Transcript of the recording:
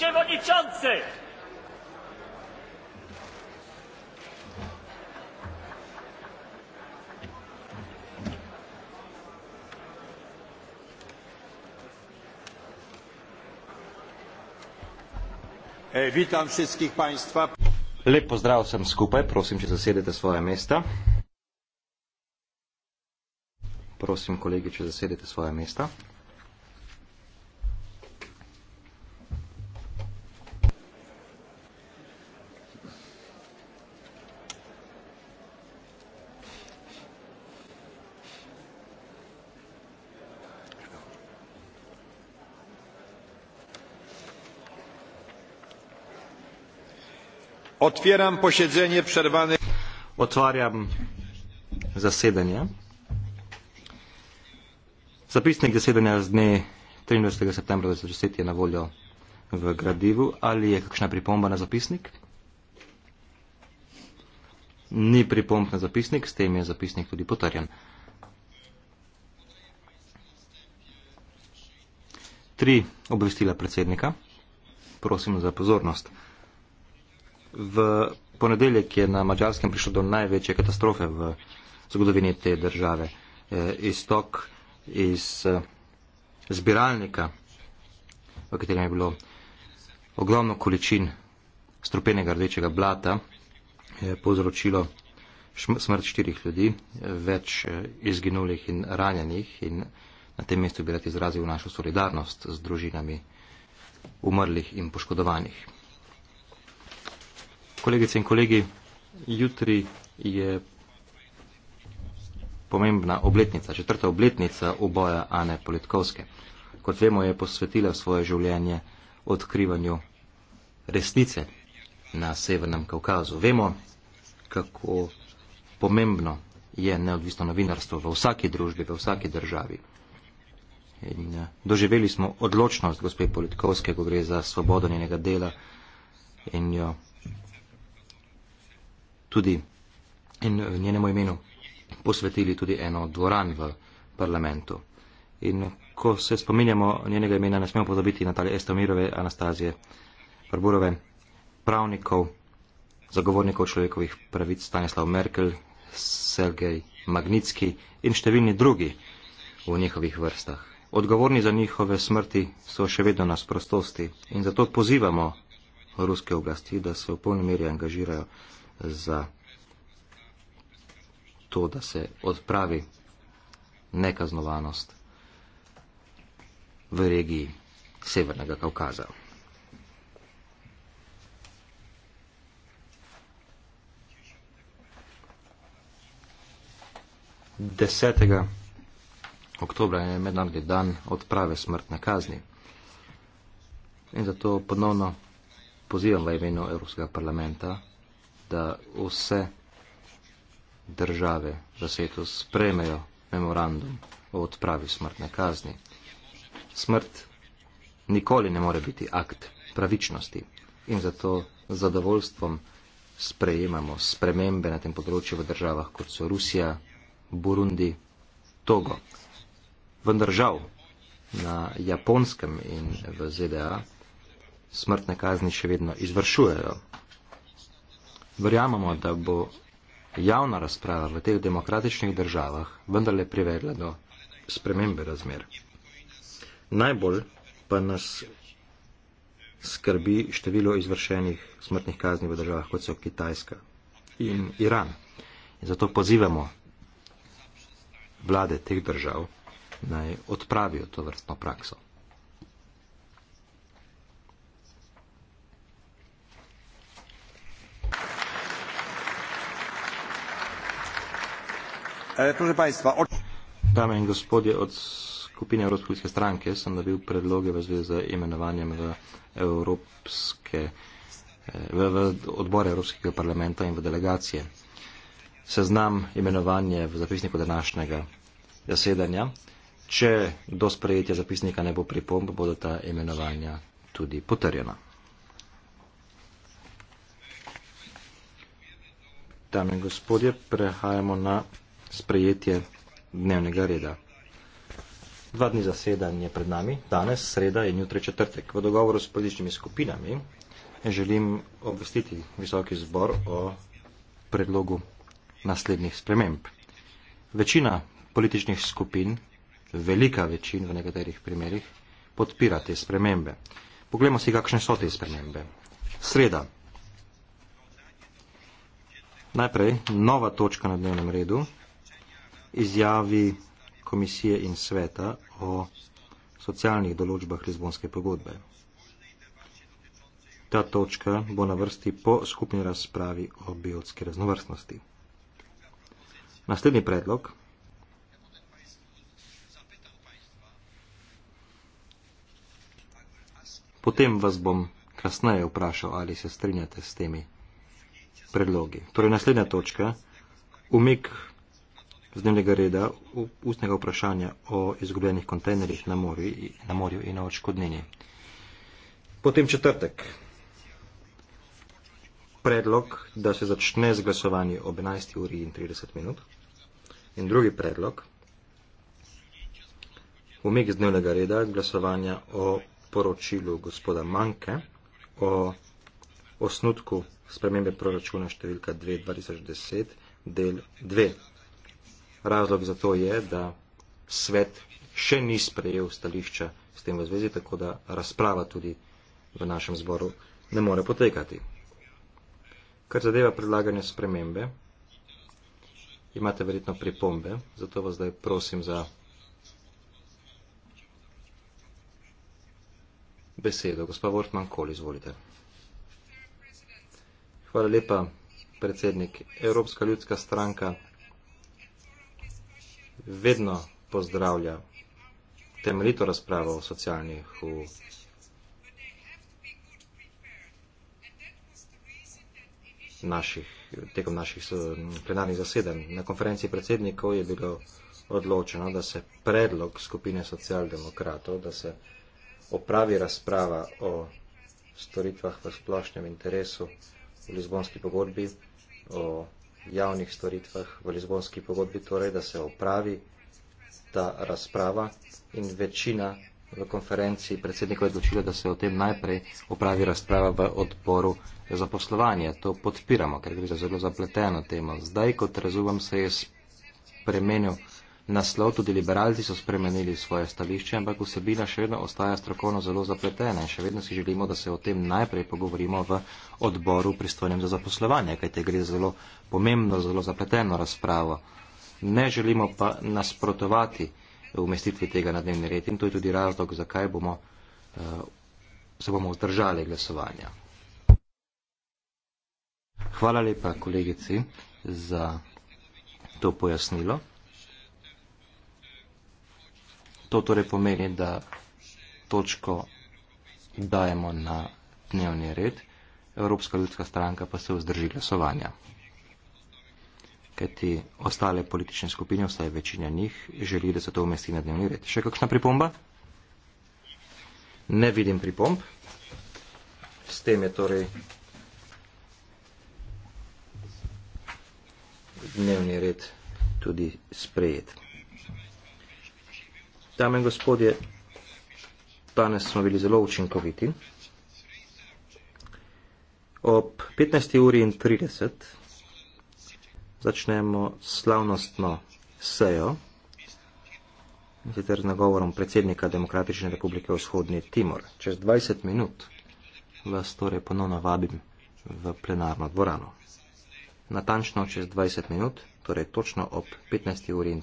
przewodniczący! E, witam wszystkich Państwa. Lep pozdrav sem skupaj, prosim, če zasedete svoje mesta. Prosim, kolegi, če zasedete svoje mesta. otwieram posiedzenie przerwane otwieram zasiedanie zapisnik zasedanja z dne trinajstega septembra dvajset je na voljo v gradivu ali je kakšna pripomba na zapisnik ni pripomb na zapisnik s tem je zapisnik tudi potrjen tri obvestila predsednika prosim za pozornost V ponedeljek je na Mačarskem prišlo do največje katastrofe v zgodovini te države. E, Istok iz e, zbiralnika, v katerem je bilo ogromno količin strupenega rdečega blata, je povzročilo smrt štirih ljudi, več e, izginulih in ranjenih in na tem mestu bi rad izrazil našo solidarnost z družinami umrlih in poškodovanih. Kolegice in kolegi, jutri je pomembna obletnica, četrta obletnica uboja Ane Politkovske. Kot vemo, je posvetila svoje življenje odkrivanju resnice na Severnem Kaukazu. Vemo, kako pomembno je neodvisno novinarstvo v vsaki družbi, v vsaki državi. In eh, doživeli smo odločnost gospe Politkovske, ko gre za svobodo njenega dela in jo tudi in njenemu imenu posvetili tudi eno dvoran v parlamentu. In ko se spominjamo njenega imena, ne smemo pozabiti Natalije Estomirove, Anastazije Barburove, pravnikov, zagovornikov človekovih pravic Stanislav Merkel, Sergej Magnitski in številni drugi v njihovih vrstah. Odgovorni za njihove smrti so še vedno nas prostosti in zato pozivamo ruske oblasti, da se v polni meri angažirajo za to, da se odpravi nekaznovanost v regiji Severnega Kaukaza. Desetega oktobra je mednarodni dan odprave smrtne kazni. In zato ponovno pozivam v imenu Evropskega parlamenta, da vse države v svetu spremejo memorandum o odpravi smrtne kazni. Smrt nikoli ne more biti akt pravičnosti in zato z zadovoljstvom sprejemamo spremembe na tem področju v državah, kot so Rusija, Burundi, Togo. Vendar žal na japonskem in v ZDA smrtne kazni še vedno izvršujejo. Verjamemo, da bo javna razprava v teh demokratičnih državah vendarle privedla do spremembe razmer. Najbolj pa nas skrbi število izvršenih smrtnih kazni v državah, kot so Kitajska in Iran. In zato pozivamo vlade teh držav, naj odpravijo to vrstno prakso. E, proszę Państwa. O... Dame in gospodje, od skupine Evropske stranke sem dobil predloge v zvezi z imenovanjem v, Evropske, e, v, v odbore Evropskega parlamenta in v delegacije. Seznam imenovanje v zapisniku današnjega zasedanja. Če do sprejetja zapisnika ne bo pripomb, bodo ta imenovanja tudi potrjena. Dame in gospodje, prehajamo na sprejetje dnevnega reda. Dva dni zasedanje pred nami, danes, sreda in jutri četrtek. V dogovoru s političnimi skupinami želim obvestiti visoki zbor o predlogu naslednjih sprememb. Večina političnih skupin, velika večina v nekaterih primerjih, podpira te spremembe. Poglejmo si, kakšne so te spremembe. Sreda. Najprej nova točka na dnevnem redu izjavi komisije in sveta o socialnih določbah Lizbonske pogodbe. Ta točka bo na vrsti po skupni razpravi o biotski raznovrstnosti. Naslednji predlog. Potem vas bom kasneje vprašal, ali se strinjate s temi predlogi. Torej, naslednja točka. Umik z dnevnega reda ustnega vprašanja o izgubljenih kontejnerjih na, na morju in o očkodnini. Potem četrtek. Predlog, da se začne z glasovanje ob 11. uri in 30 minut. In drugi predlog, umik z dnevnega reda glasovanja o poročilu gospoda Manke o osnutku spremembe proračuna številka 2 2010 del 2. Razlog za to je, da svet še ni sprejel stališča s tem v zvezi, tako da razprava tudi v našem zboru ne more potekati. Kar zadeva predlaganje spremembe, imate verjetno pripombe, zato vas zdaj prosim za besedo. Gospa Wortman, koli izvolite. Hvala lepa, predsednik. Evropska ljudska stranka vedno pozdravlja temeljito razpravo o socialnih v naših, tekom naših plenarnih zasedanj. Na konferenci predsednikov je bilo odločeno, da se predlog skupine socialdemokratov, da se opravi razprava o storitvah v splošnem interesu v Lizbonski pogodbi, o javnih storitvah v Lizbonski pogodbi, torej, da se opravi ta razprava in večina v konferenci predsednikov je odločila, da se o tem najprej opravi razprava v odboru za poslovanje. To podpiramo, ker gre za zelo zapleteno temo. Zdaj, kot razumem, se je spremenil naslov, tudi liberalci so spremenili svoje stališče, ampak vsebina še vedno ostaja strokovno zelo zapletena in še vedno si želimo, da se o tem najprej pogovorimo v odboru pristojnem za zaposlovanje, kajte gre za zelo pomembno, zelo zapleteno razpravo. Ne želimo pa nasprotovati umestitvi tega na dnevni red in to je tudi razlog, zakaj bomo, eh, se bomo vzdržali glasovanja. Hvala lepa kolegici za to pojasnilo. To torej pomeni, da točko dajemo na dnevni red, Evropska ljudska stranka pa se vzdrži glasovanja. Kajti ostale politične skupine, vsaj večina njih, želi, da se to umesti na dnevni red. Še kakšna pripomba? Ne vidim pripomb. S tem je torej dnevni red tudi sprejet. Dame in gospodje, danes smo bili zelo učinkoviti. Ob 15.30 začnemo slavnostno sejo, in sicer z nagovorom predsednika Demokratične republike Vzhodni Timor. Čez 20 minut vas torej ponovno vabim v plenarno dvorano. Natančno čez 20 minut, torej točno ob 15.30.